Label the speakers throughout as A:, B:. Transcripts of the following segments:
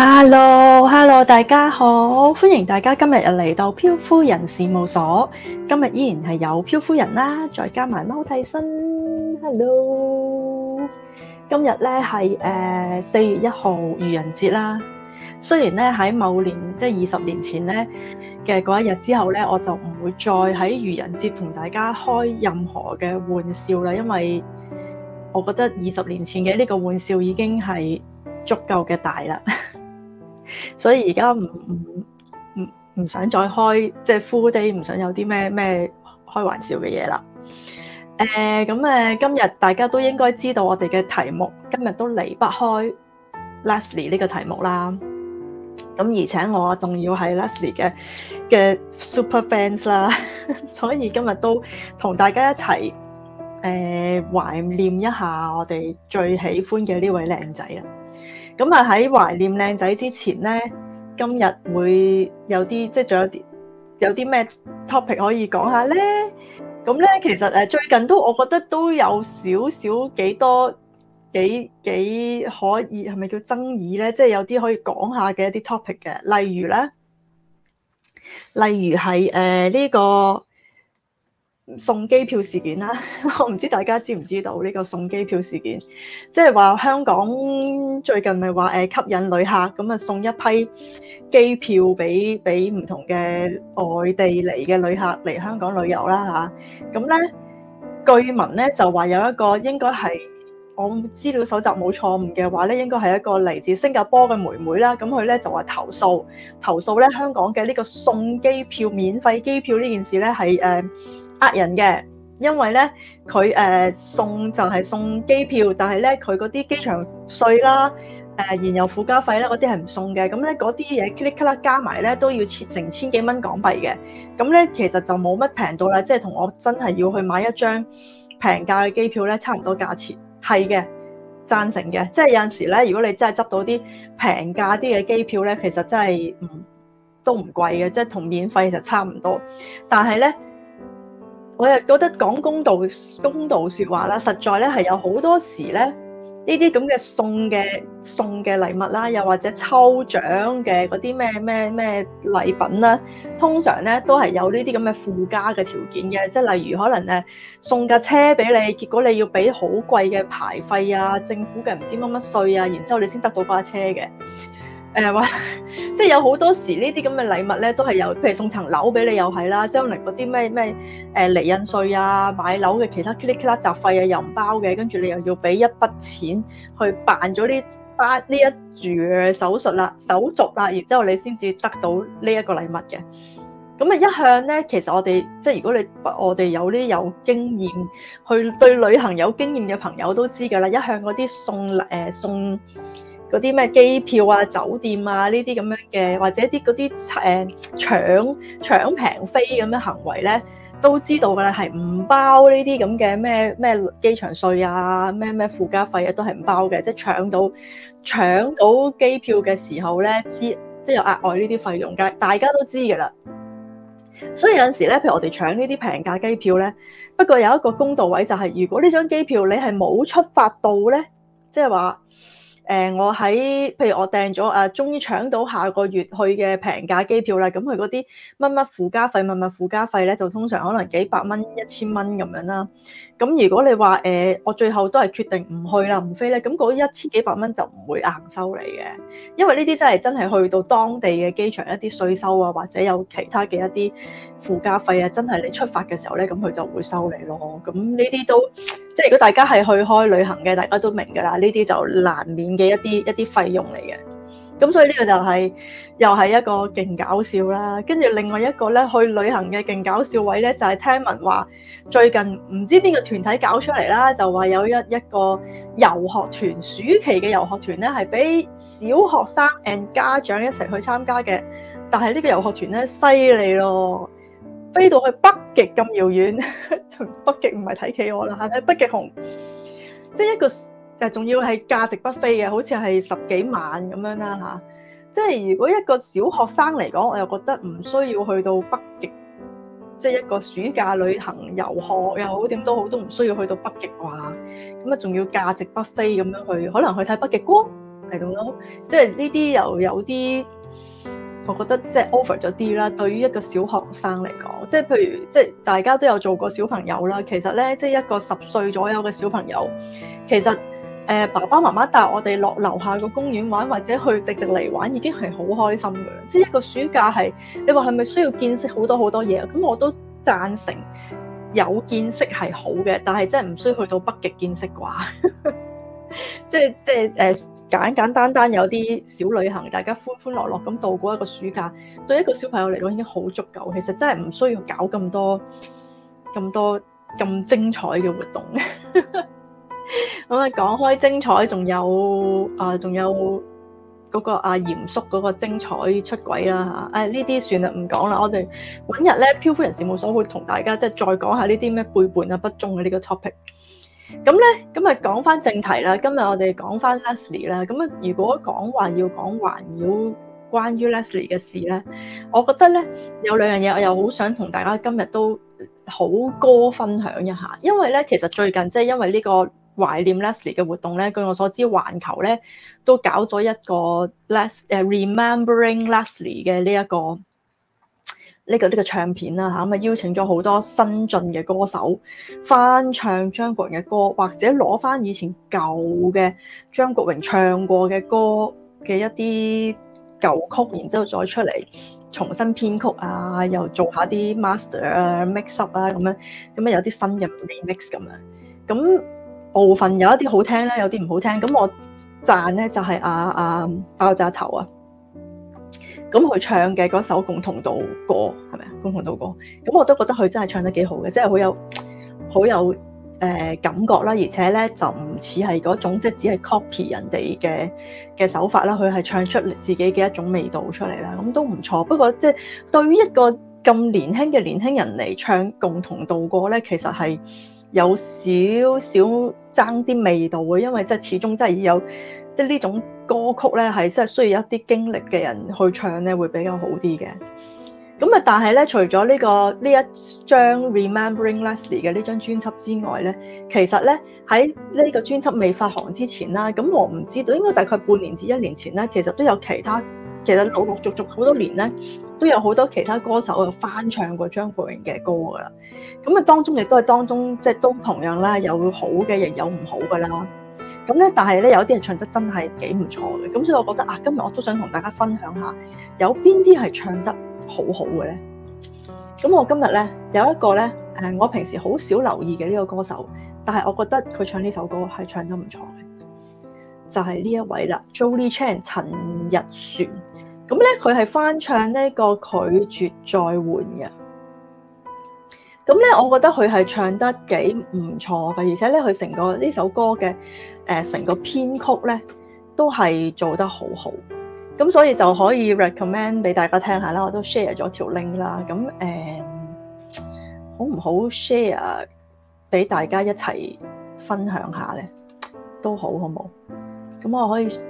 A: Hello，Hello，Hello, 大家好，歡迎大家今日又嚟到漂夫人事務所。今日依然係有漂夫人啦，再加埋貓替身。Hello，今日呢係，呃，四月一號愚人節啦。雖然咧喺某年即係二十年前咧嘅嗰一日之後咧，我就唔會再喺愚人節同大家開任何嘅玩笑啦，因為我覺得二十年前嘅呢個玩笑已經係足夠嘅大啦。所以而家唔唔唔想再開即係 full day，唔想有啲咩咩開玩笑嘅嘢啦。誒 uh，咁誒今日大家都應該知道我哋嘅題目，今日都離不開 Leslie 呢個題目啦。咁而且我仲要係 Leslie 嘅嘅 super fans 啦， 所以今日都同大家一齊誒懷念一下我哋最喜歡嘅呢位靚仔啊！咁啊喺懷念靚仔之前咧，今日會有啲即係仲有啲有啲咩 topic 可以講下咧？咁咧其實誒最近都我覺得都有少少幾多幾幾可以係咪叫爭議咧？即係有啲可以講下嘅一啲 topic 嘅，例如咧，例如係誒呢個。送機票事件啦，我唔知大家知唔知道呢個送機票事件，即係話香港最近咪話誒吸引旅客咁啊，送一批機票俾俾唔同嘅外地嚟嘅旅客嚟香港旅遊啦嚇。咁咧，據聞咧就話有一個應該係我資料搜集冇錯誤嘅話咧，應該係一個嚟自新加坡嘅妹妹啦。咁佢咧就話投訴投訴咧香港嘅呢個送機票免費機票呢件事咧係誒。呃人嘅，因為咧佢、呃、送就係送機票，但係咧佢嗰啲機場稅啦、誒燃油附加費咧嗰啲係唔送嘅，咁咧嗰啲嘢咔啦咔啦加埋咧都要千成千幾蚊港幣嘅，咁咧其實就冇乜平到啦，即係同我真係要去買一張平價嘅機票咧差唔多價錢，係嘅，贊成嘅，即係有陣時咧，如果你真係執到啲平價啲嘅機票咧，其實真係唔都唔貴嘅，即係同免費其實差唔多，但係咧。我又覺得講公道公道説話啦，實在咧係有好多時咧，呢啲咁嘅送嘅送嘅禮物啦，又或者抽獎嘅嗰啲咩咩咩禮品啦，通常咧都係有呢啲咁嘅附加嘅條件嘅，即係例如可能誒送架車俾你，結果你要俾好貴嘅牌費啊，政府嘅唔知乜乜稅啊，然之後你先得到架車嘅。誒話，即係有好多時呢啲咁嘅禮物咧，都係有譬如送層樓俾你又係啦，將嚟嗰啲咩咩誒釐印稅啊、買樓嘅其他嘰哩啦雜費啊，又唔包嘅，跟住你又要俾一筆錢去辦咗呢呢一住手術啦、手續啦，然之後你先至得到呢一個禮物嘅。咁啊一向咧，其實我哋即係如果你我哋有啲有經驗，去對旅行有經驗嘅朋友都知㗎啦。一向嗰啲送禮誒送。呃送嗰啲咩機票啊、酒店啊呢啲咁樣嘅，或者啲嗰啲誒搶搶平飛咁樣行為咧，都知道嘅咧，係唔包呢啲咁嘅咩咩機場稅啊、咩咩附加費啊，都係唔包嘅。即係搶到搶到機票嘅時候咧，知即係有額外呢啲費用嘅，大家都知嘅啦。所以有陣時咧，譬如我哋搶呢啲平價機票咧，不過有一個公道位就係，如果呢張機票你係冇出發到咧，即係話。誒、呃，我喺譬如我訂咗啊，終於搶到下個月去嘅平價機票啦，咁佢嗰啲乜乜附加費、乜乜附加費咧，就通常可能幾百蚊、一千蚊咁樣啦。咁如果你話誒、呃，我最後都係決定唔去啦，唔飛咧，咁嗰一千幾百蚊就唔會硬收你嘅，因為呢啲真係真係去到當地嘅機場一啲稅收啊，或者有其他嘅一啲附加費啊，真係你出發嘅時候咧，咁佢就會收你咯。咁呢啲都即係如果大家係去開旅行嘅，大家都明㗎啦，呢啲就難免嘅一啲一啲費用嚟嘅。咁所以呢個就係又係一個勁搞笑啦，跟住另外一個咧，去旅行嘅勁搞笑位咧，就係聽聞話最近唔知邊個團體搞出嚟啦，就話有一一個遊學團，暑期嘅遊學團咧，係俾小學生 and 家長一齊去參加嘅。但係呢個遊學團咧，犀利咯，飛到去北極咁遙遠，北極唔係睇企鵝啦，睇北極熊，即係一個。就仲要係價值不菲嘅，好似係十幾萬咁樣啦嚇。即係如果一個小學生嚟講，我又覺得唔需要去到北極，即係一個暑假旅行遊學又好點都好，都唔需要去到北極啩。咁啊，仲要價值不菲咁樣去，可能去睇北極光係咁咯。即係呢啲又有啲，我覺得即係 over 咗啲啦。對於一個小學生嚟講，即係譬如即係大家都有做過小朋友啦。其實咧，即係一個十歲左右嘅小朋友，其實。誒爸爸媽媽帶我哋落樓下個公園玩，或者去迪迪尼玩，已經係好開心嘅啦。即係一個暑假係，你話係咪需要見識好多好多嘢啊？咁我都贊成有見識係好嘅，但係真係唔需要去到北極見識啩。 即係即係誒，簡簡單單有啲小旅行，大家歡歡樂樂咁度過一個暑假，對一個小朋友嚟講已經好足夠。其實真係唔需要搞咁多、咁多、咁精彩嘅活動。 咁啊，講開精彩，仲有啊，仲有嗰、嗰個阿嚴叔嗰個精彩出軌啦吓，誒，呢啲算啦，唔講啦。我哋搵日咧，漂夫人事務所會同大家即係再講下呢啲咩背叛啊、不忠啊呢個 topic。咁咧，咁啊講翻正題啦。今日我哋講翻 Leslie 啦。咁啊，如果講話要講環繞關於 Leslie 嘅事咧，我覺得咧有兩樣嘢，我又好想同大家今日都好歌分享一下，因為咧其實最近即係因為呢、呢個。懷念 Leslie 嘅活動咧，據我所知，環球咧都搞咗一個 Les 誒、uh, Remembering Leslie 嘅呢一個呢個呢個唱片啦嚇，咁啊，邀請咗好多新進嘅歌手翻唱張國榮嘅歌，或者攞翻以前舊嘅張國榮唱過嘅歌嘅一啲舊曲，然之後再出嚟重新編曲啊，又做下啲 master 啊、mix up 啊咁樣，咁啊有啲新嘅 remix 咁樣咁。部分有一啲好聽咧，有啲唔好聽。咁我讚咧就係啊啊爆炸頭啊，咁、啊、佢唱嘅嗰首《共同度過》係咪啊？《共同度過》咁我都覺得佢真係唱得幾好嘅，即係好有好有誒、呃、感覺啦。而且咧就唔似係嗰種即係只係 copy 人哋嘅嘅手法啦。佢係唱出嚟自己嘅一種味道出嚟啦，咁都唔錯。不過即係對於一個咁年輕嘅年輕人嚟唱《共同度過》咧，其實係。有少少爭啲味道嘅，因為即係始終真係有即係呢種歌曲咧，係真係需要一啲經歷嘅人去唱咧，會比較好啲嘅。咁啊，但係咧，除咗呢個呢一張 Remembering Leslie 嘅呢張專輯之外咧，其實咧喺呢個專輯未發行之前啦，咁我唔知道應該大概半年至一年前咧，其實都有其他其實陸陸續續好多年咧。都有好多其他歌手啊翻唱過張國榮嘅歌噶啦，咁啊當中亦都係當中即係、就是、都同樣啦，有好嘅亦有唔好噶啦。咁咧，但係咧，有啲人唱得真係幾唔錯嘅。咁所以我覺得啊，今日我都想同大家分享下有邊啲係唱得好好嘅咧。咁我今日咧有一個咧誒，我平時好少留意嘅呢個歌手，但係我覺得佢唱呢首歌係唱得唔錯嘅，就係、是、呢一位啦，Jolie Chan 陳日璇。咁咧，佢係翻唱呢個拒絕再換嘅。咁咧，我覺得佢係唱得幾唔錯嘅，而且咧，佢成個呢首歌嘅誒成個編曲咧，都係做得好好。咁所以就可以 recommend 俾大家聽下啦，我都 share 咗條 link 啦。咁誒，好唔好 share 俾大家一齊分享下咧？都好，好唔好？咁我可以。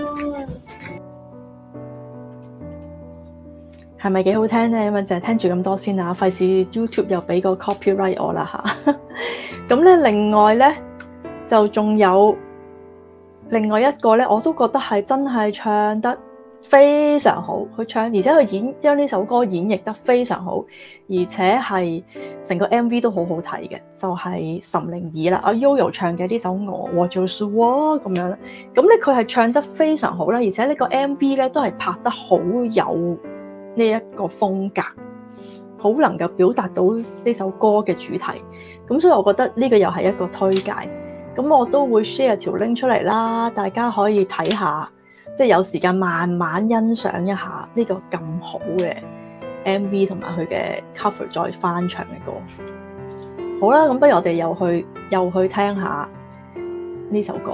A: 係咪幾好聽咧？咁啊，淨係聽住咁多先啦。費事 YouTube 又俾個 copyright 我啦嚇。咁 咧，另外咧就仲有另外一個咧，我都覺得係真係唱得非常好。佢唱，而且佢演將呢首歌演繹得非常好，而且係成個 M V 都好好睇嘅，就係、是、岑寧兒啦。阿 YoYo 唱嘅呢首 What You Saw 咁樣，咁咧佢係唱得非常好啦，而且呢個 M V 咧都係拍得好有。呢一個風格，好能夠表達到呢首歌嘅主題，咁所以我覺得呢個又係一個推介，咁我都會 share 條 link 出嚟啦，大家可以睇下，即係有時間慢慢欣賞一下呢個咁好嘅 MV 同埋佢嘅 cover 再翻唱嘅歌。好啦，咁不如我哋又去又去聽下呢首歌。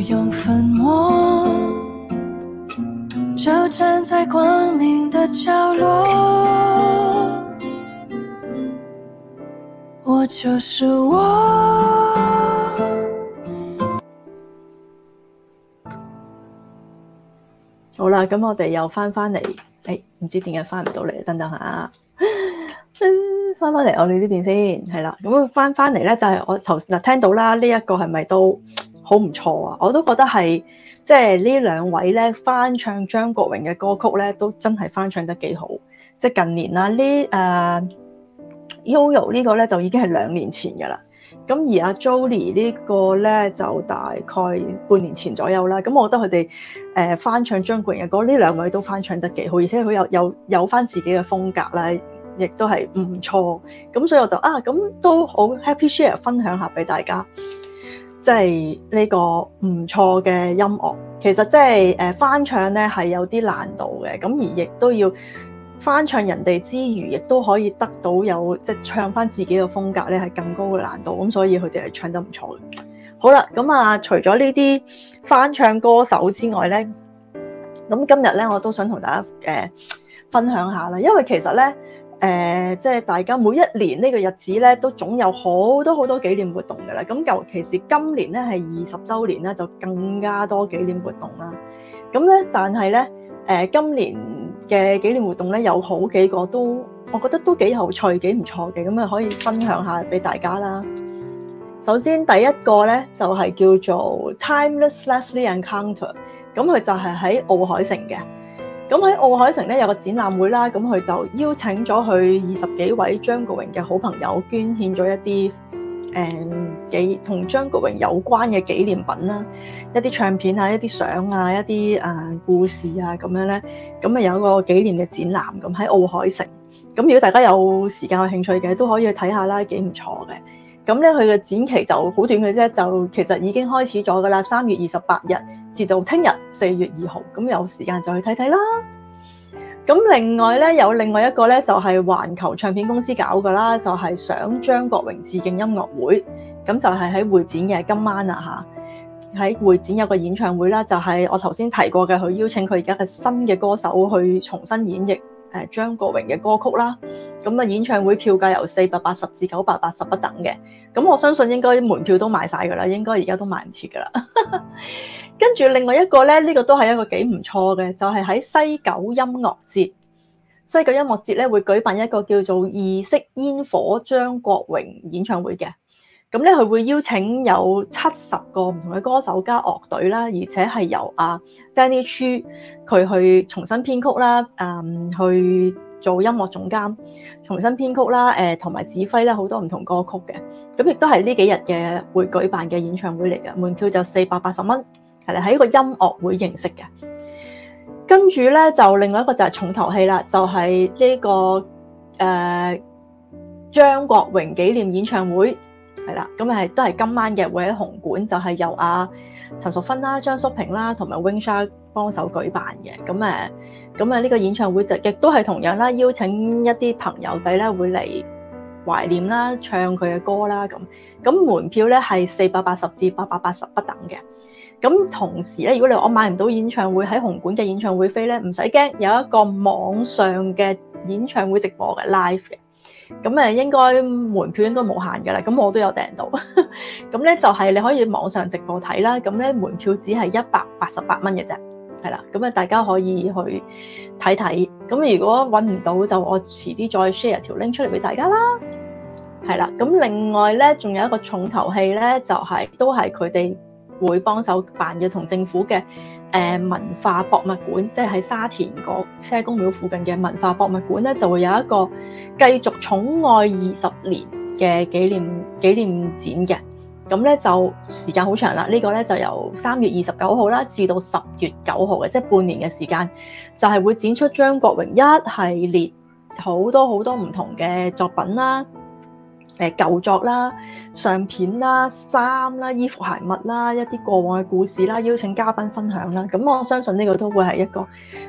A: 不用粉墨，就站在光明的角落，我就是我。好啦，咁我哋又翻翻嚟，哎，唔知點解翻唔到嚟，等等下，翻翻嚟我哋呢邊先，係啦，咁翻翻嚟咧，就係我頭先聽到啦，呢一個係咪都？好唔錯啊！我都覺得係即係呢兩位咧翻唱張國榮嘅歌曲咧，都真係翻唱得幾好。即係近年啦，這 uh, 這呢誒 YoYo 呢個咧就已經係兩年前噶啦。咁而阿 Jolie 呢個咧就大概半年前左右啦。咁我覺得佢哋誒翻唱張國榮嘅歌，呢兩位都翻唱得幾好，而且佢有有有返自己嘅風格啦，亦都係唔錯。咁所以我就啊，咁都好 happy share 分享下俾大家。即係呢個唔錯嘅音樂，其實即係誒翻唱咧，係有啲難度嘅，咁而亦都要翻唱人哋之餘，亦都可以得到有即係唱翻自己嘅風格咧，係更高嘅難度咁，所以佢哋係唱得唔錯嘅。好啦，咁啊，除咗呢啲翻唱歌手之外咧，咁今日咧我都想同大家誒、呃、分享下啦，因為其實咧。誒，即係大家每一年呢個日子咧，都總有好多好多紀念活動嘅啦。咁尤其是今年咧係二十週年啦，就更加多紀念活動啦。咁咧，但係咧，誒今年嘅紀念活動咧有好幾個都，我覺得都幾有趣，幾唔錯嘅。咁啊，可以分享下俾大家啦。首先第一個咧就係叫做 Timeless Leslie Encounter，咁佢就係喺奧海城嘅。咁喺奧海城咧有個展覽會啦，咁佢就邀請咗佢二十幾位張國榮嘅好朋友捐獻咗一啲誒紀同張國榮有關嘅紀念品啦，一啲唱片啊，一啲相啊，一啲誒故事啊咁樣咧，咁啊有個紀念嘅展覽，咁喺奧海城。咁如果大家有時間有興趣嘅，都可以去睇下啦，幾唔錯嘅。咁呢，佢嘅展期就好短嘅啫，就其實已經開始咗㗎啦，三月二十八日直到聽日四月二號，咁有時間就去睇睇啦。咁另外呢，有另外一個呢，就係環球唱片公司搞㗎啦，就係想張國榮致敬音樂會，咁就係喺會展嘅今晚啊嚇，喺會展有個演唱會啦，就係我頭先提過嘅，佢邀請佢而家嘅新嘅歌手去重新演繹。誒，張國榮嘅歌曲啦，咁啊演唱會票價由四百八十至九百八十不等嘅，咁我相信應該門票都賣晒噶啦，應該而家都賣唔切噶啦。 跟住，另外一個咧，呢、呢個都係一個幾唔錯嘅，就係、係、喺西九音樂節，西九音樂節咧會舉辦一個叫做異色煙火張國榮演唱會嘅。咁咧，佢會邀請有七十個唔同嘅歌手加樂隊啦，而且係由阿 Danny Chu 佢去重新編曲啦，誒、嗯，去做音樂總監，重新編曲啦，誒、呃，同埋指揮啦，好多唔同歌曲嘅。咁亦都係呢幾日嘅會舉辦嘅演唱會嚟嘅，門票就四百八十蚊，係啦，喺一個音樂會形式嘅。跟住咧，就另外一個就係重頭戲啦，就係、是、呢、這個誒張、呃、國榮紀念演唱會。係啦，咁誒都係今晚嘅，會喺紅館，就係由阿陳淑芬啦、張淑平啦，同埋 Wingsha 幫手舉辦嘅。咁誒，咁誒呢個演唱會就亦都係同樣啦，邀請一啲朋友仔咧會嚟懷念啦，唱佢嘅歌啦咁。咁門票咧係四百八十至八百八十不等嘅。咁同時咧，如果你我買唔到演唱會喺紅館嘅演唱會飛咧，唔使驚，有一個網上嘅演唱會直播嘅 live 嘅。咁誒應該門票應該冇限㗎啦，咁我都有訂到，咁 咧就係你可以網上直播睇啦，咁咧門票只係一百八十八蚊嘅啫，係啦，咁誒大家可以去睇睇，咁如果揾唔到就我遲啲再 share 條 link 出嚟俾大家啦，係啦，咁另外咧仲有一個重頭戲咧就係、是、都係佢哋。會幫手辦嘅同政府嘅誒文化博物館，即係喺沙田個車公廟附近嘅文化博物館咧，就會有一個繼續寵愛二十年嘅紀念紀念展嘅。咁咧就時間好長啦，呢個咧就由三月二十九號啦，至到十月九號嘅，即係半年嘅時間，就係會展出張國榮一系列好多好多唔同嘅作品啦。誒舊作啦、相片啦、衫啦、衣服，衣服鞋襪啦，一啲過往嘅故事啦，邀請嘉賓分享啦。咁我相信呢個都會係一個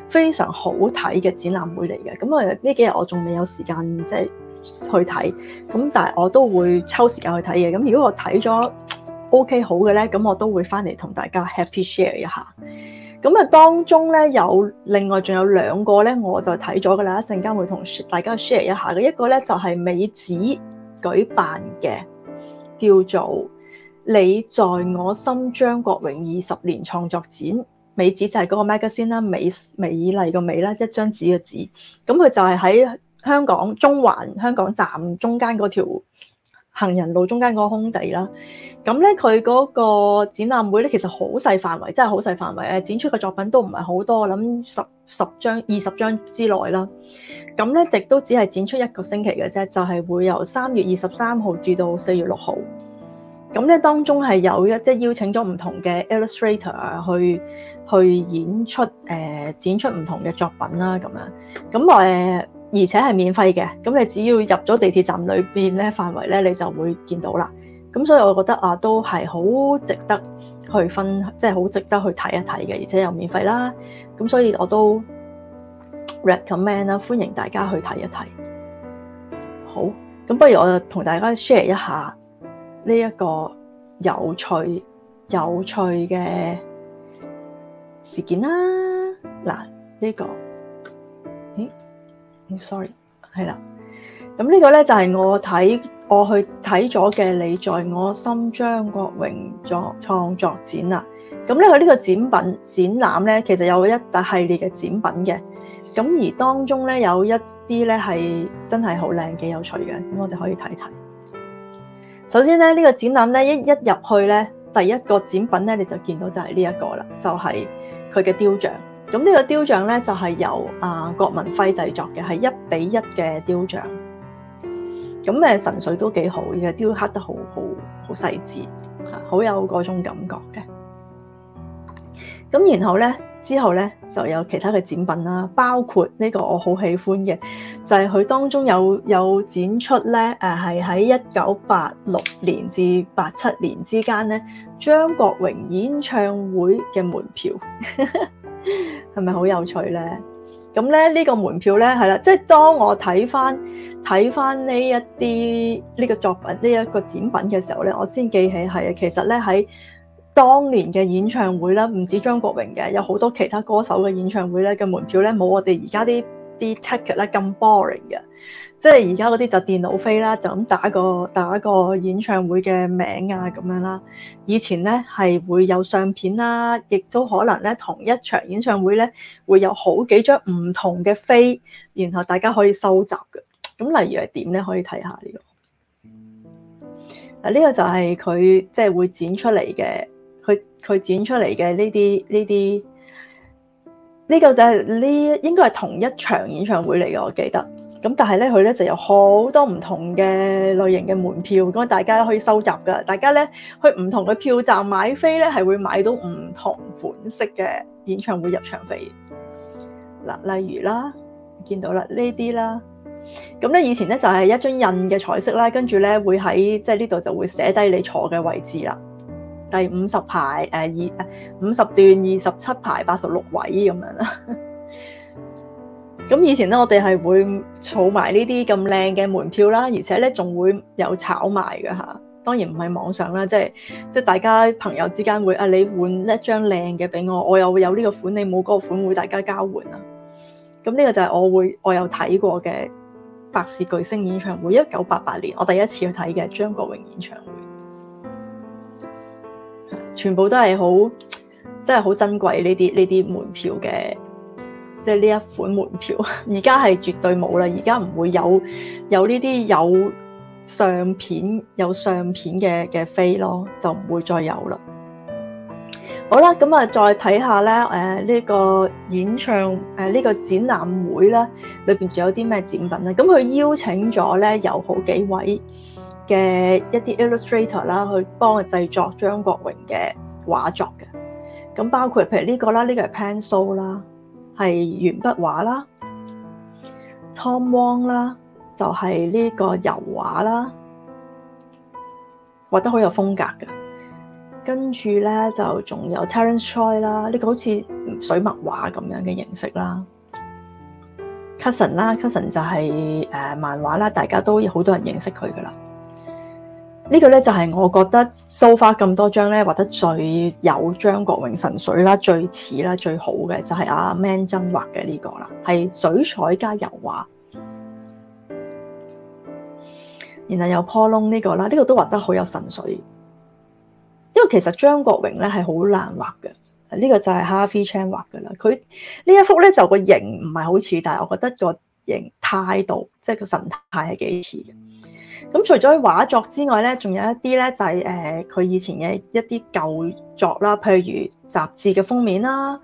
A: 非常好睇嘅展覽會嚟嘅。咁啊，呢幾日我仲未有時間即係去睇，咁但係我都會抽時間去睇嘅。咁如果我睇咗 OK 好嘅咧，咁我都會翻嚟同大家 Happy Share 一下。咁啊，當中咧有另外仲有兩個咧，我就睇咗㗎啦。一陣間會同大家 Share 一下嘅一個咧就係、是、美子。舉辦嘅叫做《你在我心》，張國榮二十年創作展。美紙就係嗰個 magazine 啦，美美，美麗個美啦，一張紙嘅紙。咁佢就係喺香港中環香港站中間嗰條。行人路中間嗰個空地啦，咁咧佢嗰個展覽會咧，其實好細範圍，真係好細範圍咧，展出嘅作品都唔係好多，我諗十十張二十張之內啦。咁咧，亦都只係展出一個星期嘅啫，就係會由三月二十三號至到四月六號。咁咧，當中係有一即係邀請咗唔同嘅 illustrator 去去演出，誒、呃、展出唔同嘅作品啦，咁樣咁誒。而且係免費嘅，咁你只要入咗地鐵站裏邊咧範圍咧，你就會見到啦。咁所以我覺得啊，都係好值得去分，即係好值得去睇一睇嘅，而且又免費啦。咁所以我都 recommend 啦，歡迎大家去睇一睇。好，咁不如我就同大家 share 一下呢一個有趣、有趣嘅事件啦。嗱、啊，呢個，咦？Sorry，係啦，咁呢個咧就係、是、我睇我去睇咗嘅《你在我心張國榮》張國榮作創作展啦。咁咧佢呢個展品展覽咧，其實有一大系列嘅展品嘅。咁而當中咧有一啲咧係真係好靚、幾有趣嘅。咁我哋可以睇睇。首先咧呢、這個展覽咧一一入去咧，第一個展品咧你就見到就係呢一個啦，就係佢嘅雕像。咁呢個雕像呢，就係、是、由啊郭文輝製作嘅，係一比一嘅雕像。咁誒神髓都幾好嘅，雕刻得好好好細緻，好有嗰種感覺嘅。咁然後呢？之後咧就有其他嘅展品啦，包括呢個我好喜歡嘅，就係佢當中有有展出咧，誒係喺一九八六年至八七年之間咧，張國榮演唱會嘅門票，係咪好有趣咧？咁咧呢個門票咧係啦，即係當我睇翻睇翻呢一啲呢個作品呢一個展品嘅時候咧，我先記起係呀，其實咧喺當年嘅演唱會啦，唔止張國榮嘅，有好多其他歌手嘅演唱會咧嘅門票咧，冇我哋而家啲啲 ticket 咧咁 boring 嘅，即係而家嗰啲就電腦飛啦，就咁打個打個演唱會嘅名啊咁樣啦。以前咧係會有相片啦，亦都可能咧同一場演唱會咧會，會有好幾張唔同嘅飛，然後大家可以收集嘅。咁例如係點咧？可以睇下呢、這個。嗱，呢個就係佢即係會展出嚟嘅。佢佢展出嚟嘅呢啲呢啲，呢個就係呢應該係同一場演唱會嚟嘅，我記得。咁但係咧，佢咧就有好多唔同嘅類型嘅門票，咁大家可以收集噶。大家咧去唔同嘅票站買飛咧，係會買到唔同款式嘅演唱會入場飛。嗱，例如啦，見到啦呢啲啦，咁咧以前咧就係、是、一張印嘅彩色啦，跟住咧會喺即係呢度就會寫低你坐嘅位置啦。第五十排誒二五十段二十七排八十六位咁樣啦。咁 以前咧，我哋係會儲埋呢啲咁靚嘅門票啦，而且咧仲會有炒賣㗎嚇。當然唔係網上啦，即係即係大家朋友之間會啊，你換一張靚嘅俾我，我又會有呢個款，你冇嗰個款會大家交換啊。咁呢個就係我會我有睇過嘅百事巨星演唱會，一九八八年我第一次去睇嘅張國榮演唱會。全部都係好，真係好珍貴呢啲呢啲門票嘅，即係呢一款門票，而家係絕對冇啦，而家唔會有有呢啲有相片有相片嘅嘅飛咯，就唔會再有啦。好啦，咁啊，再睇下咧，誒，呢個演唱誒呢個展覽會啦，裏邊仲有啲咩展品咧？咁佢邀請咗咧有好幾位。嘅一啲 illustrator 啦，去幫佢製作張國榮嘅畫作嘅，咁包括譬如呢個啦，呢個係 pencil 啦，係鉛筆畫啦，Tom Wong 啦，就係呢個油畫啦，畫得好有風格嘅。跟住咧就仲有 Terence Choi 啦，呢個好似水墨畫咁樣嘅形式啦，Cousin 啦，Cousin 就係誒漫畫啦，大家都好多人認識佢噶啦。這個呢個咧就係、是、我覺得 so far 咁多張咧，畫得最有張國榮神髓啦，最似啦，最好嘅就係、是、阿 Man 曾畫嘅呢個啦，係水彩加油畫，然後有 Paul Lung 呢個啦，呢、這個都畫得好有神髓。因為其實張國榮咧係好難畫嘅，呢、這個就係 Harvey Chan 畫嘅啦。佢呢一幅咧就個形唔係好似，但係我覺得個形態度即係、就是、個神態係幾似嘅。咁除咗畫作之外咧，仲有一啲咧就係誒佢以前嘅一啲舊作啦，譬如雜誌嘅封面啦，誒、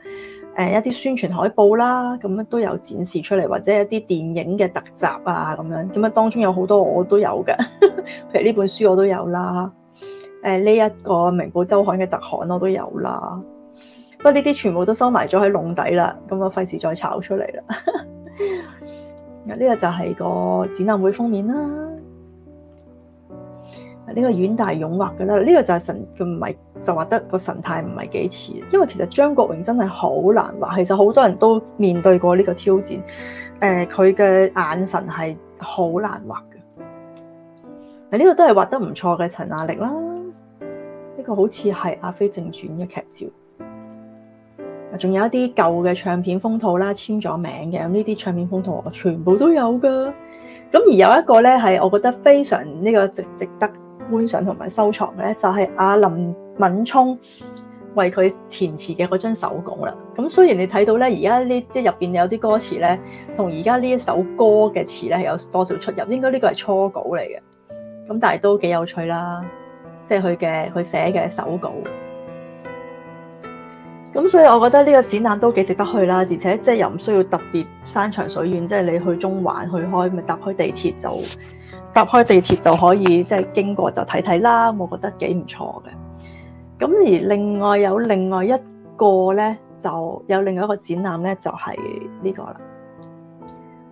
A: 呃、一啲宣傳海報啦，咁樣都有展示出嚟，或者一啲電影嘅特集啊，咁樣咁樣，當中有好多我都有嘅，譬如呢本書我都有啦，誒呢一個《明報周刊》嘅特刊我都有啦，不過呢啲全部都收埋咗喺籠底啦，咁啊費事再炒出嚟啦。咁呢、呢個就係個展覽會封面啦。呢個遠大勇畫嘅啦，呢、這個就係神，佢唔係就畫得個神態唔係幾似，因為其實張國榮真係好難畫。其實好多人都面對過呢個挑戰。誒、呃，佢嘅眼神係好難畫嘅。誒、這個，呢個都係畫得唔錯嘅陳亞力啦。呢個好似係《阿飛正傳》嘅劇照。仲有一啲舊嘅唱片封套啦，簽咗名嘅。咁呢啲唱片封套，我全部都有噶。咁而有一個咧係我覺得非常呢個值值得。觀賞同埋收藏嘅咧，就係阿林敏聰為佢填詞嘅嗰張手稿啦。咁雖然你睇到咧，而家呢即係入邊有啲歌詞咧，同而家呢一首歌嘅詞咧，係有多少出入。應該呢個係初稿嚟嘅。咁但係都幾有趣啦，即係佢嘅佢寫嘅手稿。咁所以我覺得呢個展覽都幾值得去啦，而且即係又唔需要特別山長水遠，即係你去中環去開咪搭開地鐵就搭開地鐵就可以，即係經過就睇睇啦，我覺得幾唔錯嘅。咁而另外有另外一個咧，就有另外一個展覽咧，就係呢個啦。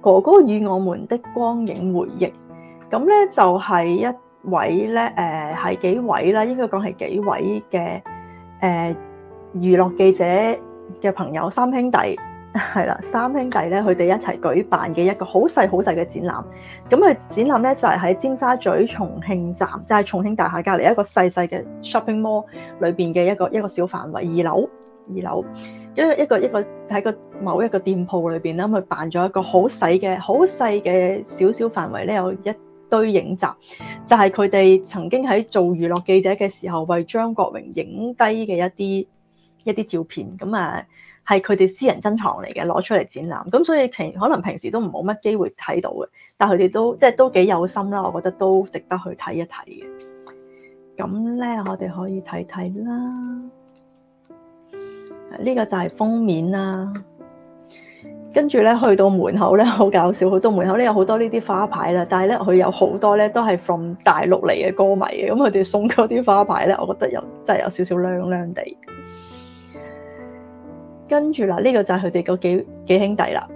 A: 哥哥與我們的光影回憶，咁咧就係一位咧，誒係幾位啦，應該講係幾位嘅，誒娛樂記者嘅朋友三兄弟。係啦，三兄弟咧，佢哋一齊舉辦嘅一個好細好細嘅展覽。咁佢展覽咧就係、是、喺尖沙咀重慶站，就係、是、重慶大廈隔離一個細細嘅 shopping mall 裏邊嘅一個一個小範圍，二樓二樓。一個一個一個喺個某一個店鋪裏邊啦，佢辦咗一個好細嘅好細嘅少少範圍咧，小小小有一堆影集，就係佢哋曾經喺做娛樂記者嘅時候，為張國榮影低嘅一啲一啲照片咁啊，係佢哋私人珍藏嚟嘅，攞出嚟展覽。咁所以平可能平時都冇乜機會睇到嘅，但係佢哋都即係都幾有心啦。我覺得都值得去睇一睇嘅。咁咧，我哋可以睇睇啦。呢個就係封面啦。跟住咧，去到門口咧，好搞笑。去到門口咧，有好多呢啲花牌啦。但係咧，佢有好多咧都係 from 大陸嚟嘅歌迷嘅。咁佢哋送嗰啲花牌咧，我覺得又真係有少少靚靚地。跟住啦，呢、這個就係佢哋嗰幾幾兄弟啦。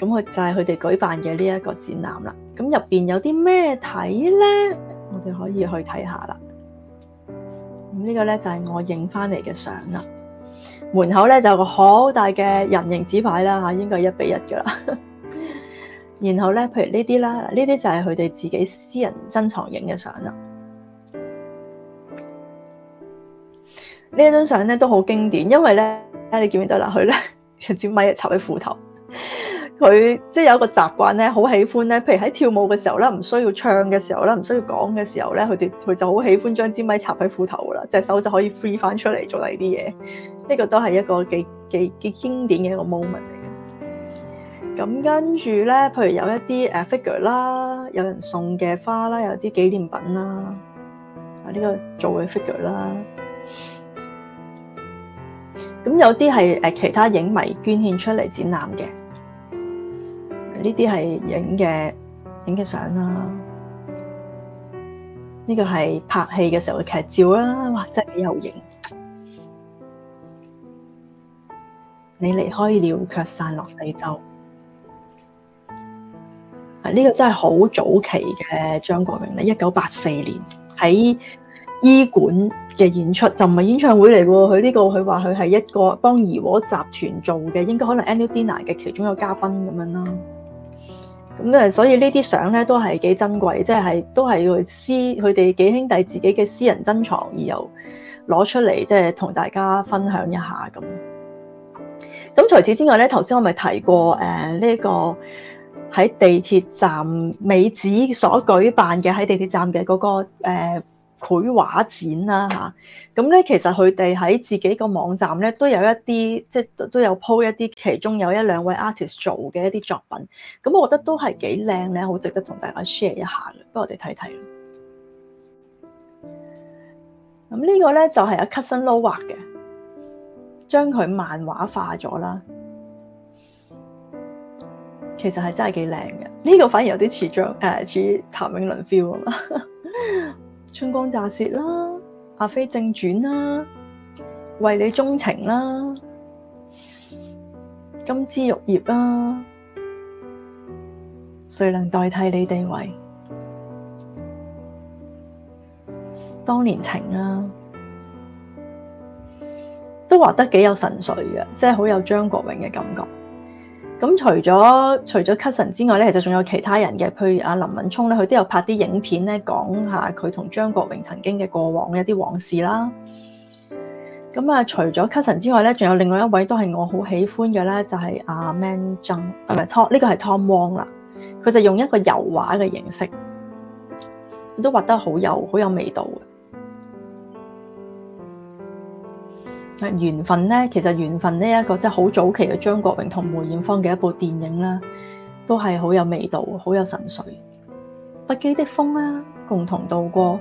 A: 咁佢就係佢哋舉辦嘅呢一個展覽啦。咁入邊有啲咩睇咧？我哋可以去睇下啦。咁呢個咧就係、是、我影翻嚟嘅相啦。門口咧就有個好大嘅人形紙牌啦，吓應該係一比一噶啦。 然後咧，譬如呢啲啦，呢啲就係佢哋自己私人珍藏影嘅相啦。呢一張相咧都好經典，因為咧。睇你看見唔見到嗱，佢咧，支咪插喺褲頭。佢即係有一個習慣咧，好喜歡咧。譬如喺跳舞嘅時候啦，唔需要唱嘅時候啦，唔需要講嘅時候咧，佢哋佢就好喜歡將支咪插喺褲頭噶啦，隻手就可以 free 翻出嚟做第啲嘢。呢、這個都係一個幾幾幾經典嘅一個 moment 嚟嘅。咁跟住咧，譬如有一啲誒 figure 啦，有人送嘅花啦，有啲紀念品啦，啊、這、呢個做嘅 figure 啦。咁有啲係其他影迷捐獻出嚟展覽嘅呢啲係影嘅影嘅相啦。呢、啊呢個係拍戲嘅時候嘅劇照啦，啊，哇，真係幾有型！你離開了卻散落四周，呢個真係好早期嘅張國榮咧，一九八四年喺醫館嘅演出就唔係演唱會嚟喎，佢呢、這個佢話佢係一個幫怡和集團做嘅，應該可能 annual dinner 嘅其中一個嘉賓咁樣啦。咁誒，所以這些呢啲相咧都係幾珍貴，即、就、係、是、都係佢私佢哋幾兄弟自己嘅私人珍藏，而又攞出嚟即係同大家分享一下咁。咁除此之外咧，頭先我咪提過誒，呢、呃這個喺地鐵站美子所舉辦嘅喺地鐵站嘅嗰、那個誒。呃繪畫展啦、啊、嚇，咁、啊、咧其實佢哋喺自己個網站咧都有一啲，即係都有 po 一啲，其中有一兩位 artist 做嘅一啲作品，咁我覺得都係幾靚咧，好值得同大家 share 一下嘅。不如我哋睇睇咁呢個咧就係、是、阿 Cuson Low 畫嘅，將佢漫畫化咗啦，其實係真係幾靚嘅。呢、這個反而有啲似將誒似譚詠麟 feel 啊嘛～春光乍洩啦，阿、啊、飛正傳啦，為你鍾情啦，金枝玉葉啦，誰能代替你地位？當年情啦、啊，都畫得幾有神髓嘅，即係好有張國榮嘅感覺。咁除咗除咗 Cousin 之外咧，其實仲有其他人嘅，譬如阿林文聰咧，佢都有拍啲影片咧，講下佢同張國榮曾經嘅過往一啲往事啦。咁啊，除咗 Cousin 之外咧，仲有另外一位都係我好喜歡嘅咧，就係阿 Man Chung，唔係 Tom，呢個係 Tom Wong 啦。佢就用一個油畫嘅形式，都畫得好有好有味道嘅。誒，緣分呢，其實緣分呢一個即係好早期嘅張國榮同梅艷芳嘅一部電影啦，都係好有味道，好有神髓。不羈的風啦、啊，共同度過、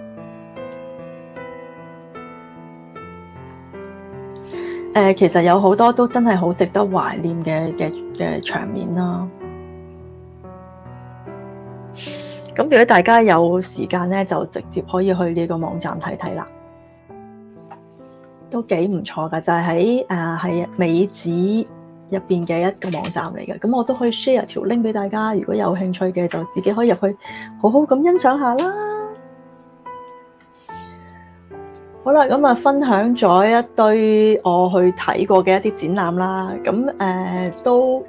A: 呃。其實有好多都真係好值得懷念嘅嘅嘅場面啦。咁如果大家有時間呢，就直接可以去呢個網站睇睇啦。都幾唔錯噶，就係喺誒係美子入邊嘅一個網站嚟嘅，咁我都可以 share 條 link 俾大家，如果有興趣嘅就自己可以入去好好咁欣賞下啦。好啦，咁啊分享咗一堆我去睇過嘅一啲展覽啦，咁誒、呃、都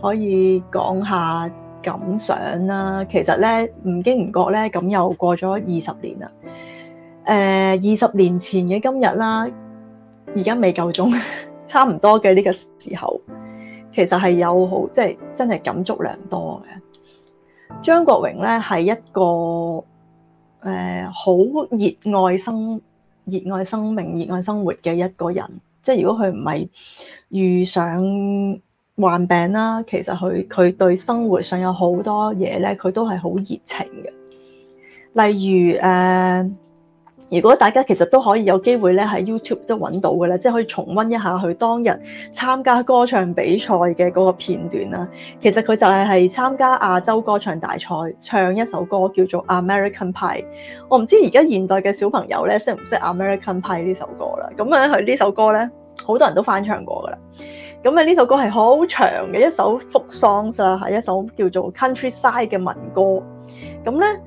A: 可以講下感想啦。其實咧唔經唔覺咧，咁又過咗二十年、呃、年啦。誒二十年前嘅今日啦～而家未夠鐘，差唔多嘅呢個時候，其實係有好，即係真係感觸良多嘅。張國榮咧係一個誒好熱愛生，熱愛生命，熱愛生活嘅一個人，即係如果佢唔係遇上患病啦，其實佢佢對生活上有好多嘢咧，佢都係好熱情嘅，例如誒。呃如果大家其實都可以有機會咧喺 YouTube 都揾到嘅咧，即係可以重温一下佢當日參加歌唱比賽嘅嗰個片段啦。其實佢就係係參加亞洲歌唱大賽，唱一首歌叫做《American Pie》。我唔知而家現，現代嘅小朋友咧識唔識《American Pie》呢首歌啦。咁咧佢呢首歌咧好多人都翻唱過噶啦。咁啊呢首歌係好長嘅一首 folk song 啦，係一首叫做《countryside》嘅民歌。咁咧誒？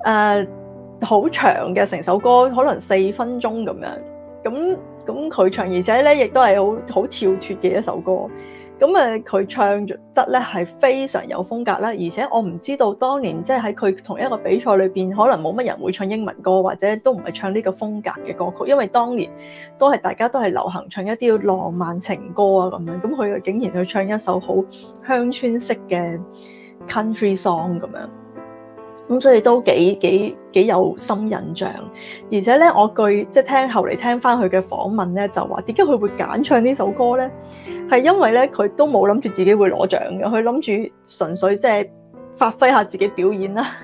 A: 呃好長嘅成首歌，可能四分鐘咁樣，咁咁佢唱，而且咧亦都係好好跳脱嘅一首歌。咁啊，佢唱得咧係非常有風格啦。而且我唔知道當年即係喺佢同一個比賽裏邊，可能冇乜人會唱英文歌，或者都唔係唱呢個風格嘅歌曲，因為當年都係大家都係流行唱一啲浪漫情歌啊咁樣。咁佢竟然去唱一首好鄉村式嘅 country song 咁樣。咁所以都幾幾幾有深印象，而且咧，我據即係聽後嚟聽翻佢嘅訪問咧，就話點解佢會揀唱呢首歌咧？係因為咧，佢都冇諗住自己會攞獎嘅，佢諗住純粹即係發揮下自己表演啦。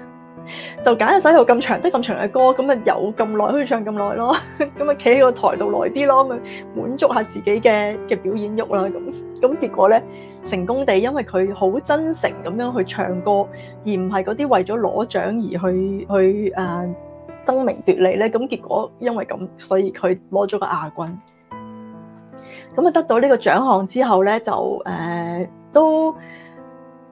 A: 就揀一首有咁長、得咁長嘅歌，咁咪有咁耐，可以唱咁耐咯。咁咪企喺個台度耐啲咯，咁咪滿足下自己嘅嘅表演欲啦。咁咁結果咧，成功地因為佢好真誠咁樣去唱歌，而唔係嗰啲為咗攞獎而去去啊、呃、爭名奪利咧。咁結果因為咁，所以佢攞咗個亞軍。咁啊，得到呢個獎項之後咧，就誒、呃、都。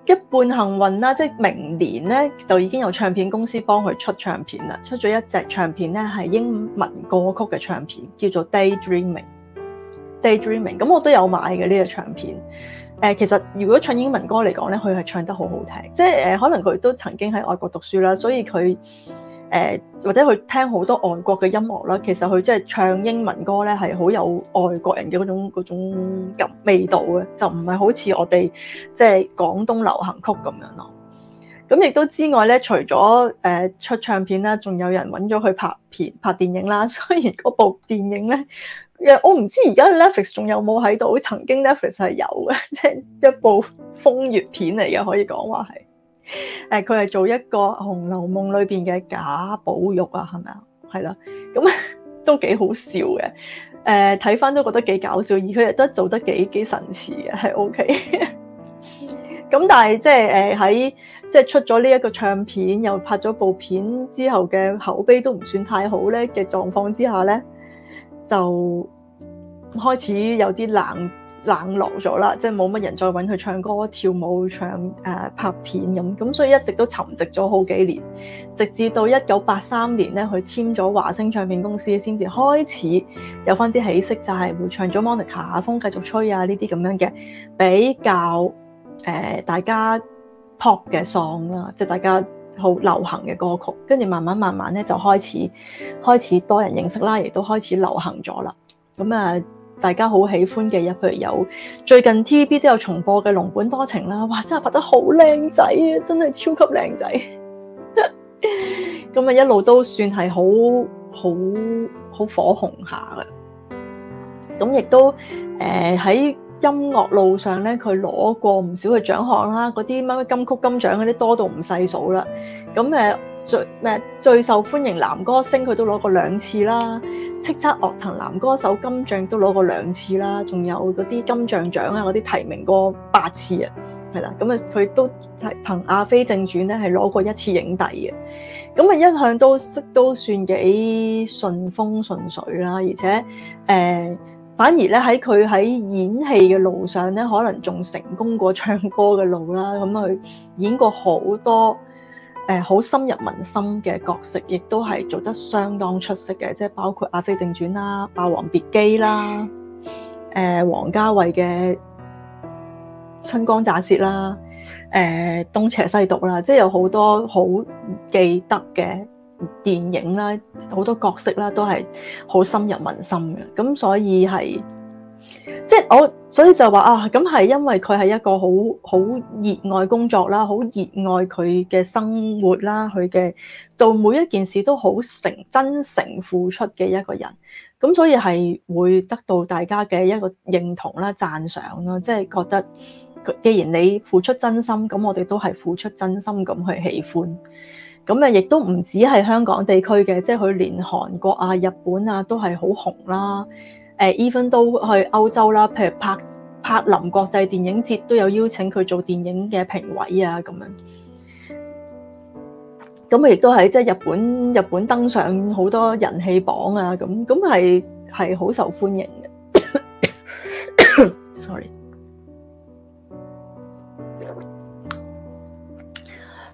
A: 一半幸運啦，即係明年咧就已經有唱片公司幫佢出唱片啦，出咗一隻唱片咧，係英文歌曲嘅唱片，叫做《Daydreaming》。Daydreaming，咁我都有買嘅呢個唱片。誒，其實如果唱英文歌嚟講咧，佢係唱得好好聽。即係誒，可能佢都曾經喺外國讀書啦，所以佢。誒或者佢聽好多外國嘅音樂啦，其實佢即係唱英文歌咧，係好有外國人嘅嗰種嗰種味道嘅，就唔係好似我哋即係廣東流行曲咁樣咯。咁亦都之外咧，除咗誒出唱片啦，仲有人揾咗佢拍片、拍電影啦。雖然嗰部電影咧，誒我唔知而家 Netflix 仲有冇喺度，曾經 Netflix 係有嘅，即係一部風月片嚟嘅，可以講話係。誒，佢係、呃、做一個《紅樓夢》裏邊嘅賈寶玉啊，係咪啊？係啦，咁、嗯、都幾好笑嘅。誒、呃，睇翻都覺得幾搞笑，而佢亦都做得幾幾神似嘅，係 OK。咁、 嗯、但係即係誒喺即係出咗呢一個唱片，又拍咗部片之後嘅口碑都唔算太好咧嘅狀況之下咧，就開始有啲冷。冷落咗啦，即係冇乜人再揾佢唱歌、跳舞、唱誒、呃、拍片咁，咁所以一直都沉寂咗好幾年，直至到一九八三年呢，佢簽咗華星唱片公司，先至開始有翻啲起色，就係、是、會唱咗 Monica、啊、風繼續吹啊呢啲咁樣嘅比較誒、呃、大家 pop 嘅 song 啦，即係大家好流行嘅歌曲，跟住慢慢慢慢呢，就開始開始多人認識啦，亦都開始流行咗啦，咁啊～、呃大家好喜歡嘅，一譬如有最近 TVB 都有重播嘅《儂本多情》啦，哇！真係拍得好靚仔啊，真係超級靚仔。咁啊，一路都算係好好好火紅下嘅。咁亦都誒喺、呃、音樂路上咧，佢攞過唔少嘅獎項啦，嗰啲乜乜金曲金獎嗰啲多到唔細數啦。咁誒。呃最咩最受歡迎男歌星佢都攞過兩次啦，叱咤樂壇男歌手金獎都攞過兩次啦，仲有嗰啲金像獎啊嗰啲提名過八次啊，係啦，咁啊佢都憑《阿飛正傳》咧係攞過一次影帝嘅，咁啊一向都都算幾順風順水啦，而且誒、呃、反而咧喺佢喺演戲嘅路上咧，可能仲成功過唱歌嘅路啦，咁佢演過好多。誒好、呃、深入民心嘅角色，亦都係做得相當出色嘅，即係包括《阿飛正傳》啦，《霸王別姬》啦，誒、呃、王家衛嘅《春光乍泄》啦，誒《東邪西毒》啦，即係有好多好記得嘅電影啦，好多角色啦，都係好深入民心嘅，咁所以係。即係我，所以就話啊，咁係因為佢係一個好好熱愛工作啦，好熱愛佢嘅生活啦，佢嘅到每一件事都好誠真誠付出嘅一個人，咁所以係會得到大家嘅一個認同啦、讚賞啦，即係覺得既然你付出真心，咁我哋都係付出真心咁去喜歡，咁啊亦都唔止係香港地區嘅，即係佢連韓國啊、日本啊都係好紅啦、啊。誒 even 都去歐洲啦，譬如柏柏林國際電影節都有邀請佢做電影嘅評委啊，咁樣。咁啊，亦都喺即係日本，日本登上好多人氣榜啊，咁咁係係好受歡迎嘅。Sorry，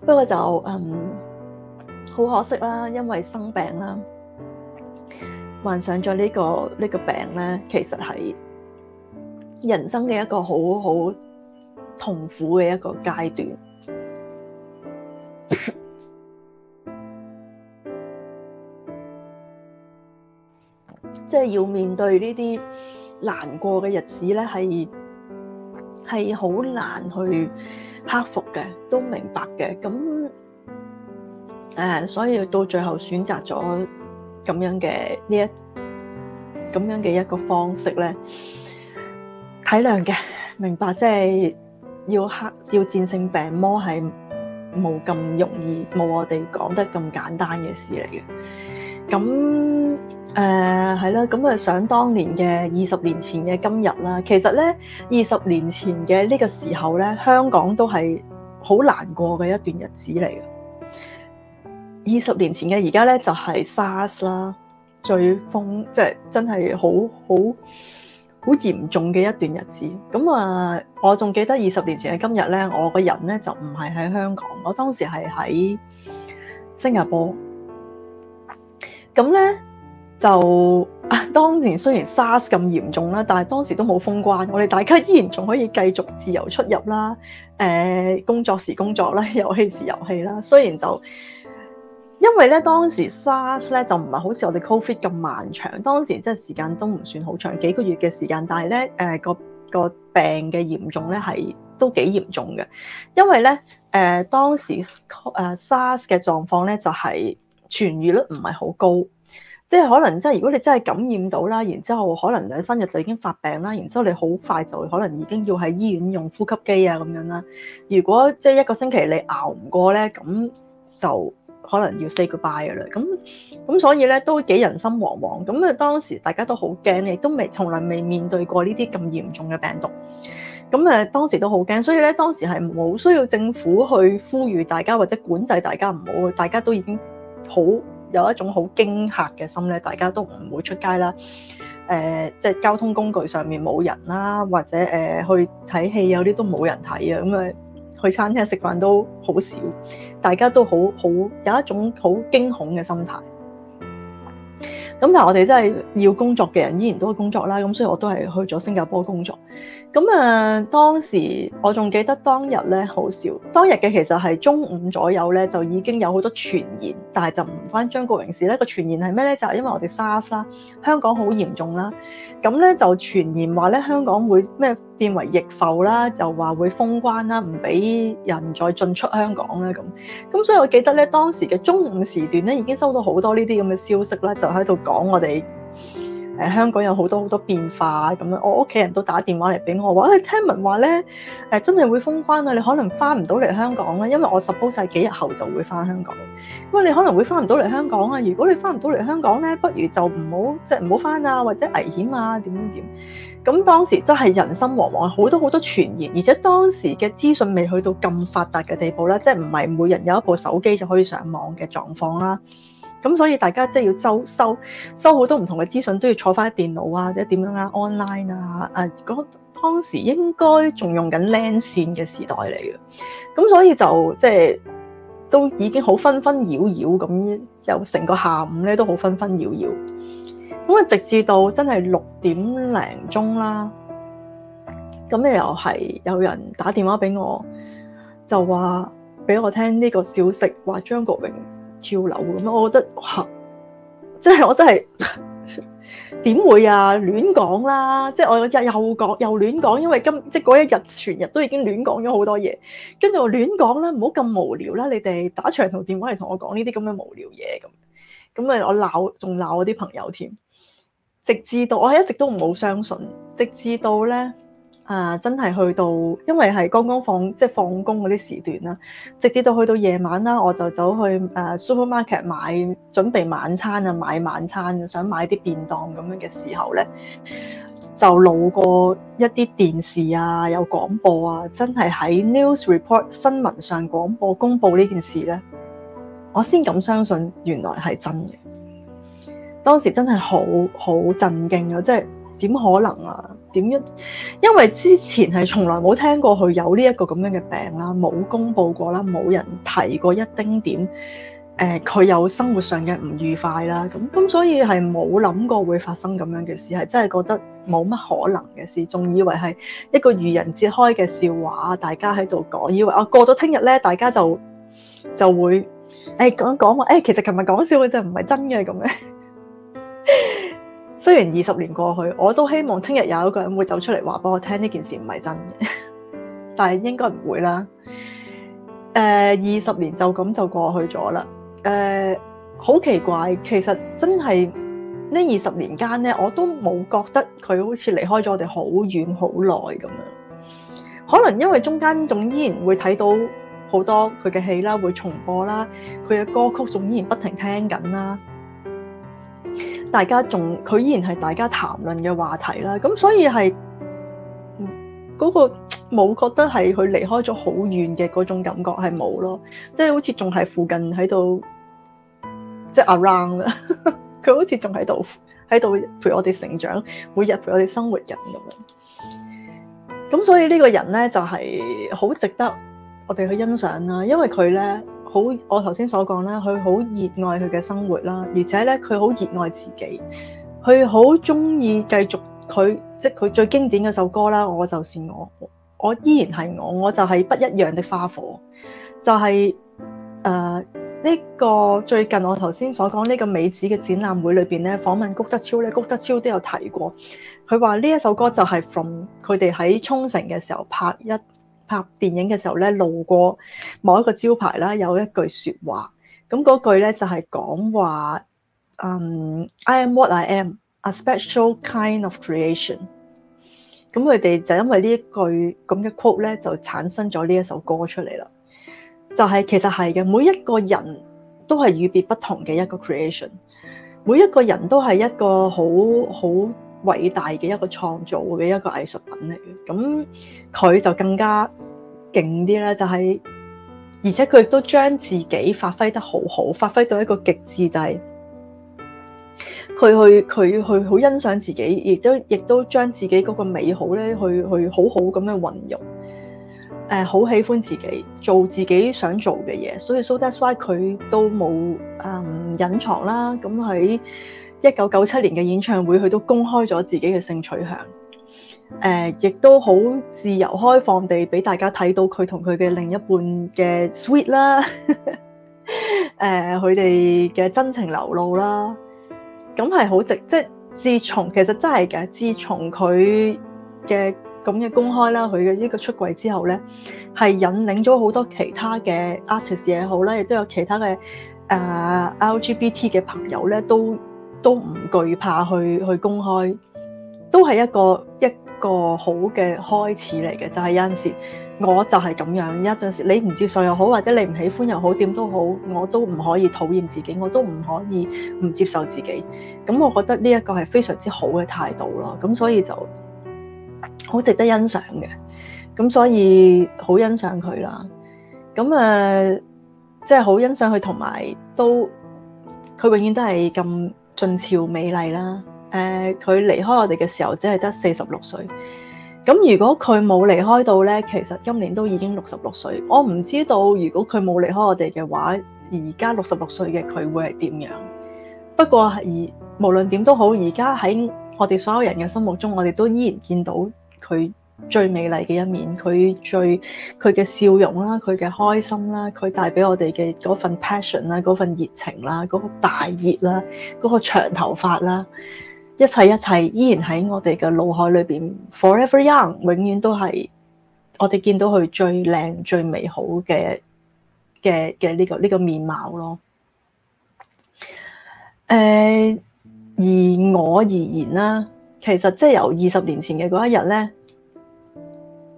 A: 不過就嗯，好可惜啦，因為生病啦。患上咗呢個呢、呢個病咧，其實係人生嘅一個好好痛苦嘅一個階段，即 係要面對呢啲難過嘅日子咧，係係好難去克服嘅，都明白嘅。咁誒、啊，所以到最後選擇咗。咁樣嘅呢一咁樣嘅一個方式咧，體諒嘅，明白，即係要克要戰勝病魔係冇咁容易，冇我哋講得咁簡單嘅事嚟嘅。咁誒係啦，咁、呃、啊想當年嘅二十年前嘅今日啦，其實咧二十年前嘅呢個時候咧，香港都係好難過嘅一段日子嚟嘅。二十年前嘅而家咧，就係 SARS 啦，最瘋即係真係好好好嚴重嘅一段日子。咁啊，我仲記得二十年前嘅今日咧，我個人咧就唔係喺香港，我當時係喺新加坡。咁咧就，當年雖然 SARS 咁嚴重啦，但係當時都冇封關，我哋大家依然仲可以繼續自由出入啦。誒、呃，工作時工作啦，遊戲時遊戲啦。雖然就。因為咧，當時 SARS 咧就唔係好似我哋 COVID 咁漫長，當時即係時間都唔算好長，幾個月嘅時間。但係咧，誒、呃、個個病嘅嚴重咧係都幾嚴重嘅，因為咧誒、呃、當時誒 SARS 嘅狀況咧就係痊癒率唔係好高，即係可能即係如果你真係感染到啦，然之後可能兩三日就已經發病啦，然之後你好快就可能已經要喺醫院用呼吸機啊咁樣啦。如果即係一個星期你熬唔過咧，咁就～可能要 say goodbye 嘅啦，咁咁所以咧都幾人心惶惶，咁啊當時大家都好驚，亦都未從來未面對過呢啲咁嚴重嘅病毒，咁啊當時都好驚，所以咧當時係冇需要政府去呼籲大家或者管制大家唔好，大家都已經好有一種好驚嚇嘅心咧，大家都唔會出街啦，誒，即係交通工具上面冇人啦，或者誒去睇戲有啲都冇人睇啊，咁啊。去餐廳食飯都好少，大家都好好有一種好驚恐嘅心態。咁但係我哋真係要工作嘅人依然都工作啦。咁所以我都係去咗新加坡工作。咁啊當時我仲記得當日咧好少，當日嘅其實係中午左右咧就已經有好多傳言，但係就唔翻張國榮事咧個傳言係咩咧？就係因為我哋 SARS 啦，香港好嚴重啦。咁咧就傳言話咧香港會咩？變為逆浮啦，就話會封關啦，唔俾人再進出香港啦。咁。咁所以我記得咧，當時嘅中午時段咧，已經收到好多呢啲咁嘅消息啦，就喺度講我哋誒、呃、香港有好多好多變化咁樣。我屋企人都打電話嚟俾我話，誒聽聞話咧誒真係會封關啊，你可能翻唔到嚟香港咧，因為我 suppose 曬幾日後就會翻香港。咁你可能會翻唔到嚟香港啊？如果你翻唔到嚟香港咧，不如就唔好即係唔好翻啊，或者危險啊，點點點。咁當時真係人心惶惶，好多好多傳言，而且當時嘅資訊未去到咁發達嘅地步啦，即係唔係每人有一部手機就可以上網嘅狀況啦。咁所以大家即係要周收收收好多唔同嘅資訊，都要坐翻電腦啊，或者點樣啊，online 啊，誒嗰當時應該仲用緊 LAN 線嘅時代嚟嘅。咁所以就即係都已經好紛紛擾擾咁，就成個下午咧都好紛紛擾擾。咁啊，直至到真係六點零鐘啦，咁你又係有人打電話俾我，就話俾我聽呢個消息，話張國榮跳樓咁我覺得哇，即係我真係點會啊？亂講啦！即係我日又講又亂講，因為今即係嗰一日全日都已經亂講咗好多嘢，跟住我亂講啦，唔好咁無聊啦！你哋打長途電話嚟同我講呢啲咁嘅無聊嘢咁，咁啊我鬧仲鬧我啲朋友添。直至到我一直都唔好相信，直至到咧啊，真係去到，因為係剛剛放即係放工嗰啲時段啦。直至到去到夜晚啦，我就走去誒 supermarket 買準備晚餐啊，買晚餐想買啲便當咁樣嘅時候咧，就路過一啲電視啊，有廣播啊，真係喺 news report 新聞上廣播公佈呢件事咧，我先敢相信原來係真嘅。當時真係好好震驚啊！即係點可能啊？點樣？因為之前係從來冇聽過佢有呢一個咁樣嘅病啦，冇公布過啦，冇人提過一丁點誒，佢、呃、有生活上嘅唔愉快啦。咁咁，所以係冇諗過會發生咁樣嘅事，係真係覺得冇乜可能嘅事，仲以為係一個愚人節開嘅笑話，大家喺度講，以為我、啊、過咗聽日咧，大家就就會誒講講話誒，其實琴日講笑嘅就唔係真嘅咁嘅。雖然二十年過去，我都希望聽日有一個人會走出嚟話俾我聽呢件事唔係真嘅，但係應該唔會啦。誒，二十年就咁就過去咗啦。誒，好奇怪，其實真係呢二十年間咧，我都冇覺得佢好似離開咗我哋好遠好耐咁樣。可能因為中間仲依然會睇到好多佢嘅戲啦，會重播啦，佢嘅歌曲仲依然不停聽緊啦。大家仲佢依然係大家談論嘅話題啦，咁所以係嗰個冇覺得係佢離開咗好遠嘅嗰種感覺係冇咯，即係好似仲係附近喺度，即係 around 啦。佢好似仲喺度喺度陪我哋成長，每日陪我哋生活緊咁樣。咁所以呢個人咧就係好值得我哋去欣賞啦，因為佢咧。好，我頭先所講啦，佢好熱愛佢嘅生活啦，而且咧佢好熱愛自己，佢好鍾意繼續佢即係佢最經典嘅首歌啦。我就是我，我依然係我，我就係不一樣的花火。就係誒呢個最近我頭先所講呢個美子嘅展覽會裏邊咧，訪問谷德超咧，谷德超都有提過，佢話呢一首歌就係從佢哋喺沖繩嘅時候拍一。拍電影嘅時候咧，路過某一個招牌啦，有一句説話，咁嗰句咧就係講話，嗯，I am what I am，a special kind of creation。咁佢哋就因為呢一句咁嘅 quote 咧，就產生咗呢一首歌出嚟啦。就係其實係嘅，每一個人都係與別不同嘅一個 creation，每一個人都係一個好好。偉大嘅一個創造嘅一個藝術品嚟嘅，咁佢就更加勁啲啦。就係、是、而且佢亦都將自己發揮得好好，發揮到一個極致，就係佢去佢去好欣賞自己，亦都亦都將自己嗰個美好咧，去去好好咁樣運用，誒、呃，好喜歡自己做自己想做嘅嘢，所以 so that's why 佢都冇誒隱藏啦，咁喺，一九九七年嘅演唱會，佢都公開咗自己嘅性取向，誒、呃，亦都好自由開放地俾大家睇到佢同佢嘅另一半嘅 sweet 啦，誒、 呃，佢哋嘅真情流露啦，咁係好直。即係自從其實真係嘅，自從佢嘅咁嘅公開啦，佢嘅呢個出櫃之後咧，係引領咗好多其他嘅 artist 也好啦，亦都有其他嘅誒、呃、LGBT 嘅朋友咧都。都唔懼怕去去公開，都係一個一個好嘅開始嚟嘅。就係有陣時，我就係咁樣。有陣時你唔接受又好，或者你唔喜歡又好，點都好，我都唔可以討厭自己，我都唔可以唔接受自己。咁，我覺得呢一個係非常之好嘅態度咯。咁所以就好值得欣賞嘅。咁所以好欣賞佢啦。咁誒，即係好欣賞佢，同埋都佢永遠都係咁。俊俏美麗啦，誒、呃、佢離開我哋嘅時候只係得四十六歲，咁如果佢冇離開到呢？其實今年都已經六十六歲。我唔知道如果佢冇離開我哋嘅話，而家六十六歲嘅佢會係點樣？不過而無論點都好，而家喺我哋所有人嘅心目中，我哋都依然見到佢。最美麗嘅一面，佢最佢嘅笑容啦，佢嘅開心啦，佢帶俾我哋嘅嗰份 passion 啦，嗰份熱情啦，嗰個大熱啦，嗰個長頭髮啦，一切一切依然喺我哋嘅腦海裏邊。Forever young，永遠都係我哋見到佢最靚、最美好嘅嘅嘅呢個呢個面貌咯。誒、uh，而我而言啦，其實即係由二十年前嘅嗰一日咧。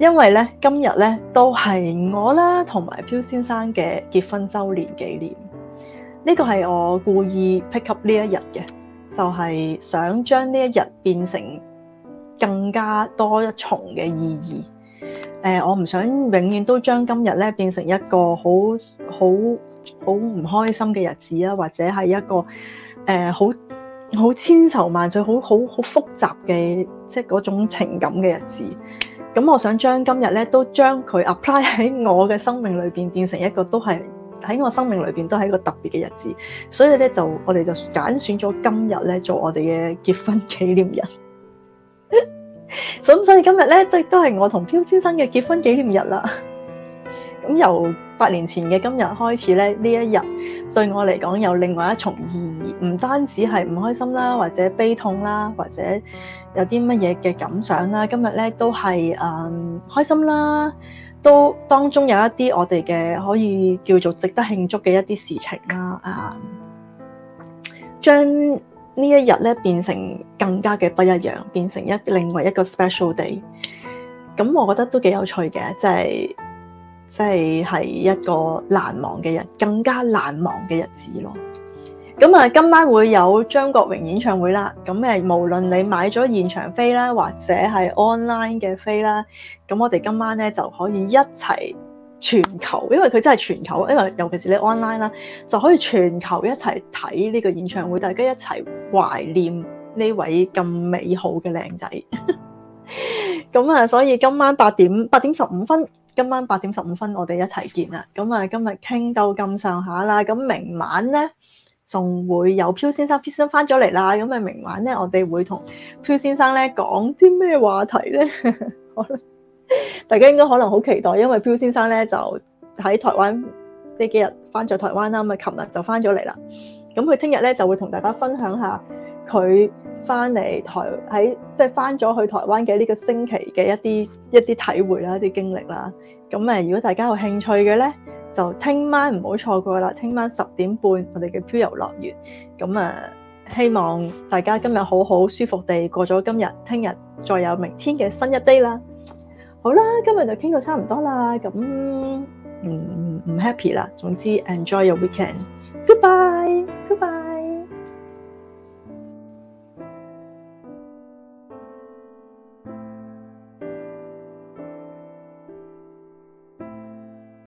A: 因為咧今日咧都係我啦同埋漂先生嘅結婚周年紀念，呢個係我故意 pick up 呢一日嘅，就係想將呢一日變成更加多一重嘅意義。誒、呃，我唔想永遠都將今日咧變成一個好好好唔開心嘅日子啊，或者係一個誒好好千愁萬緒、好好好複雜嘅即係嗰種情感嘅日子。咁我想將今日咧，都將佢 apply 喺我嘅生命裏邊，變成一個都係喺我生命裏邊都係一個特別嘅日子。所以咧，就我哋就揀選咗今日咧做我哋嘅結婚紀念日。咁 所以今日咧都都係我同漂先生嘅結婚紀念日啦。咁 由八年前嘅今日開始咧，呢一日對我嚟講有另外一重意義，唔單止係唔開心啦，或者悲痛啦，或者。有啲乜嘢嘅感想啦？今日咧都係誒、嗯、開心啦，都當中有一啲我哋嘅可以叫做值得慶祝嘅一啲事情啦。誒、嗯，將呢一日咧變成更加嘅不一樣，變成一另外一個 special day。咁我覺得都幾有趣嘅，即係即係係一個難忘嘅人，更加難忘嘅日子咯。咁啊，今晚會有張國榮演唱會啦。咁誒，無論你買咗現場飛啦，或者係 online 嘅飛啦，咁我哋今晚咧就可以一齊全球，因為佢真係全球，因為尤其是你 online 啦，就可以全球一齊睇呢個演唱會，大家一齊懷念呢位咁美好嘅靚仔。咁啊，所以今晚八點八點十五分，今晚八點十五分，我哋一齊見啦。咁啊，今日傾到咁上下啦，咁明晚咧。仲會有漂先生來，漂先生翻咗嚟啦，咁啊，明晚咧，我哋會同漂先生咧講啲咩話題咧？可 能大家應該可能好期待，因為漂先生咧就喺台灣呢幾日翻咗台灣啦，咁啊，琴日就翻咗嚟啦。咁佢聽日咧就會同大家分享下佢翻嚟台喺即係翻咗去台灣嘅呢個星期嘅一啲一啲體會啦、一啲經歷啦。咁誒，如果大家有興趣嘅咧～就聽晚唔好錯過啦！聽晚十點半我哋嘅漂遊樂園，咁啊，希望大家今日好好舒服地過咗今日，聽日再有明天嘅新一 day 啦。好啦，今日就傾到差唔多啦，咁唔唔 happy 啦，總之 enjoy your weekend，goodbye，goodbye。